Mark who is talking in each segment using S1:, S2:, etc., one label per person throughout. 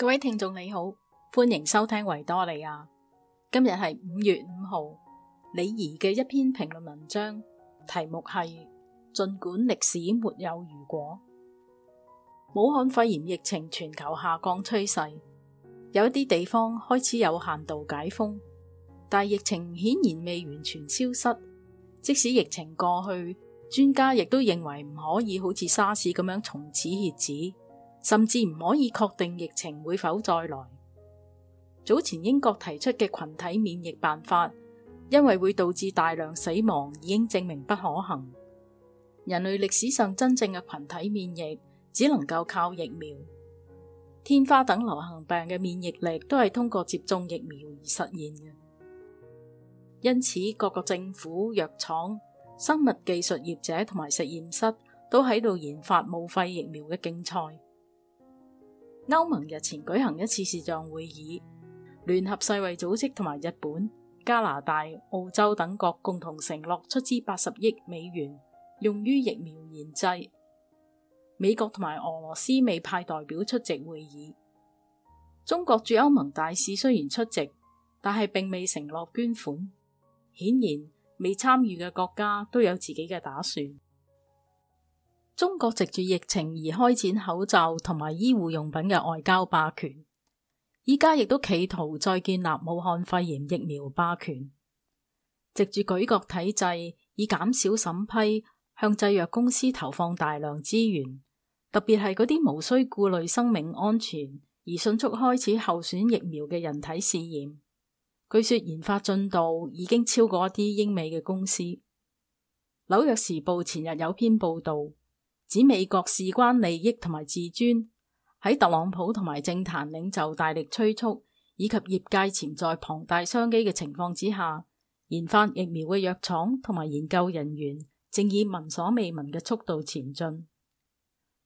S1: 各位聽眾你好，歡迎收聽維多利亞。今日係五月五號，李儀嘅一篇評論文章，題目係：儘管歷史沒有如果。武漢肺炎疫情全球下降趨勢，有一啲地方開始有限度解封，但疫情顯然未完全消失。即使疫情過去，專家亦都認為唔可以好似沙士 r s 咁樣從此而止。甚至唔可以確定疫情會否再來。早前英國提出嘅群體免疫辦法，因為會導致大量死亡，已經證明不可行。人類歷史上真正嘅群體免疫，只能夠靠疫苗。天花等流行病嘅免疫力都係通過接種疫苗而實現嘅。因此，各個政府、藥廠、生物技術業者同埋實驗室都喺度研發武肺疫苗嘅競賽。歐盟日前舉行一次視像會議，聯合世衛組織同埋日本、加拿大、澳洲等國共同承諾出資八十億美元，用於疫苗研製。美國同埋俄羅斯未派代表出席會議。中國駐歐盟大使雖然出席，但係並未承諾捐款。顯然，未參與嘅國家都有自己嘅打算。中國藉住疫情而開展口罩同埋醫護用品嘅外交霸權，依家亦都企圖再建立武漢肺炎疫苗霸權。藉住舉國體制以減少審批，向製藥公司投放大量資源，特別係嗰啲無需顧慮生命安全而迅速開始候選疫苗嘅人體試驗。據說研發進度已經超過一啲英美嘅公司。《紐約時報》前日有篇報道。指美國事關利益同埋自尊，喺特朗普同埋政壇領袖大力催促，以及業界潛在龐大商機嘅情況之下，研發疫苗嘅藥廠同埋研究人員正以聞所未聞嘅速度前進。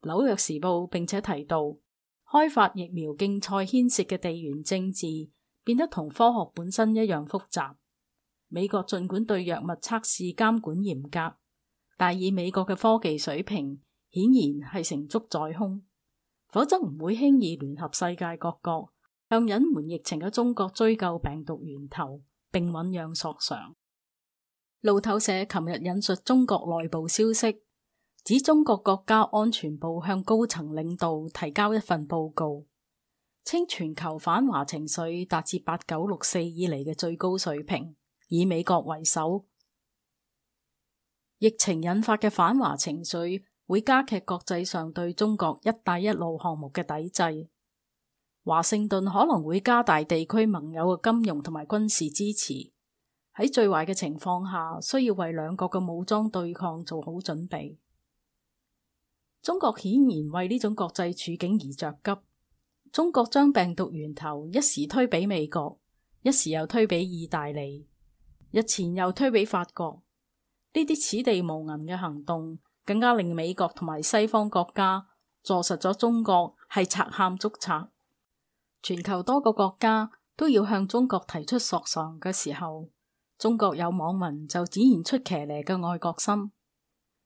S1: 紐約時報並且提到，開發疫苗競賽牽涉嘅地緣政治變得同科學本身一樣複雜。美國儘管對藥物測試監管嚴格，但以美國嘅科技水平。顯然係成竹在胸，否則唔會輕易聯合世界各國向隱瞞疫情嘅中國追究病毒源頭，並醞釀索償。路透社琴日引述中國內部消息，指中國國家安全部向高層領導提交一份報告，稱全球反華情緒達至八九六四以嚟嘅最高水平，以美國為首，疫情引發嘅反華情緒。會加劇國際上對中國“一帶一路”項目嘅抵制。華盛頓可能會加大地區盟友嘅金融同埋軍事支持。喺最壞嘅情況下，需要為兩國嘅武裝對抗做好準備。中國顯然為呢種國際處境而着急。中國將病毒源頭一時推俾美國，一時又推俾意大利，日前又推俾法國。呢啲此地無銀嘅行動。更加令美國同埋西方國家坐實咗中國係賊喊捉賊，全球多個國家都要向中國提出索償嘅時候，中國有網民就展現出騎呢嘅愛國心。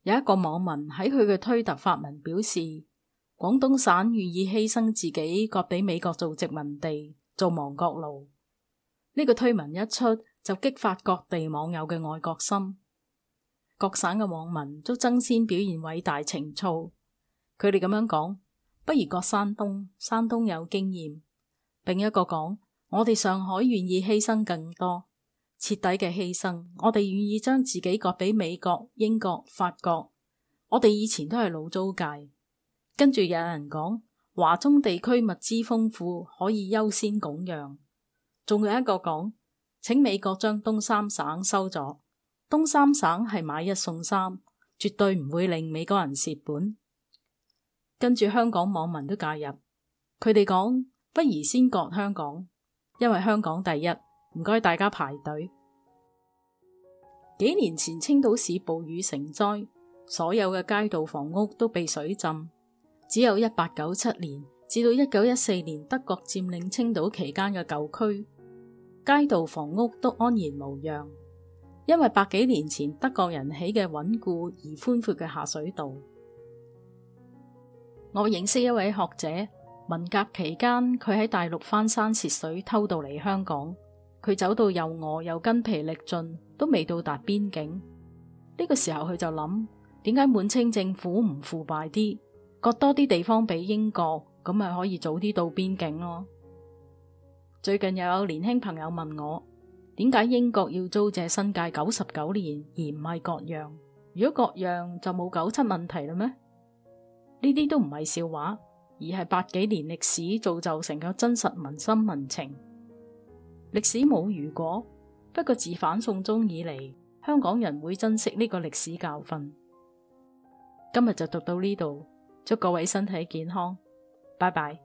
S1: 有一個網民喺佢嘅推特發文表示，廣東省願意犧牲自己，割俾美國做殖民地，做亡國奴。呢個推文一出，就激發各地網友嘅愛國心。各省嘅網民都爭先表現偉大情操，佢哋咁樣講：不如割山東，山東有經驗。另一個講：我哋上海願意犧牲更多，徹底嘅犧牲，我哋願意將自己割俾美國、英國、法國。我哋以前都係老租界。跟住有人講：華中地區物資豐富，可以優先供養。仲有一個講：請美國將東三省收咗。東三省係買一送三，絕對唔會令美國人蝕本。跟住香港網民都介入，佢哋講，不如先割香港，因為香港第一，唔該大家排隊。幾年前青島市暴雨成災，所有嘅街道房屋都被水浸，只有一八九七年至到一九一四年德國佔領青島期間嘅舊區，街道房屋都安然無恙。因為百幾年前德國人起嘅穩固而寬闊嘅下水道。我認識一位學者，文革期間佢喺大陸翻山涉水偷渡嚟香港，佢走到又餓又筋疲力盡，都未到達邊境。呢個時候佢就諗，點解滿清政府唔腐敗啲，割多啲地方俾英國，咁咪可以早啲到邊境咯？最近又有年輕朋友問我。點解英國要租借新界九十九年而唔係割讓？如果割讓就冇九七問題啦咩？呢啲都唔係笑話，而係百幾年歷史造就成嘅真實民心民情。歷史冇如果，不過自反送中以嚟，香港人會珍惜呢個歷史教訓。今日就讀到呢度，祝各位身體健康，拜拜。